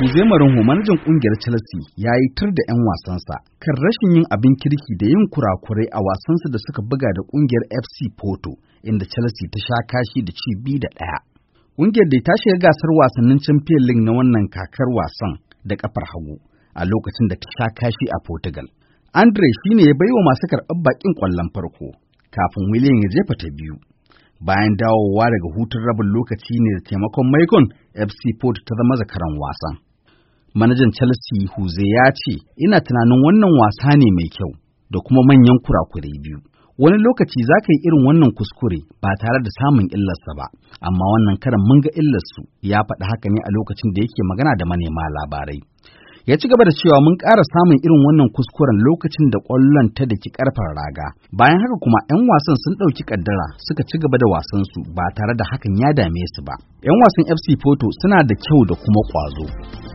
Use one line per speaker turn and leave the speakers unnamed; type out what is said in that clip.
Jose Mourinho manajan kungiyar Chelsea ya yi tur da 'yan wasansa kan rashin yin abin kirki da yin kurakurai a wasansa da suka buga da kungiyar FC Porto inda Chelsea ta sha kashi da ci bi da ɗaya. Kungiyar da ta shiga gasar wasannin Champions League na wannan kakar wasan da kafar hagu a lokacin da ta sha kashi a Portugal. Andre shine ya bai wa masu karɓar bakin ƙwallon farko kafin William ya jefa ta biyu. bayan dawowa daga hutun rabin lokaci ne da taimakon maikon fc Porto ta zama zakaran wasan manajan Chelsea Huze ya ce, "Ina tunanin wannan wasa ne mai kyau da kuma manyan kurakurai biyu. Wani lokaci za ka yi irin wannan kuskure ba tare da samun illarsa ba, amma wannan karan mun ga illarsu ya faɗi haka ne a lokacin da yake magana da manema labarai. Ya ci gaba da cewa mun ƙara samun irin wannan kuskuren lokacin da ƙwallon ta da ki ƙarfar raga. Bayan haka kuma 'yan wasan sun ɗauki ƙaddara suka ci gaba da wasansu ba tare da hakan ya dame su ba. 'Yan wasan FC Porto suna da kyau da kuma ƙwazo.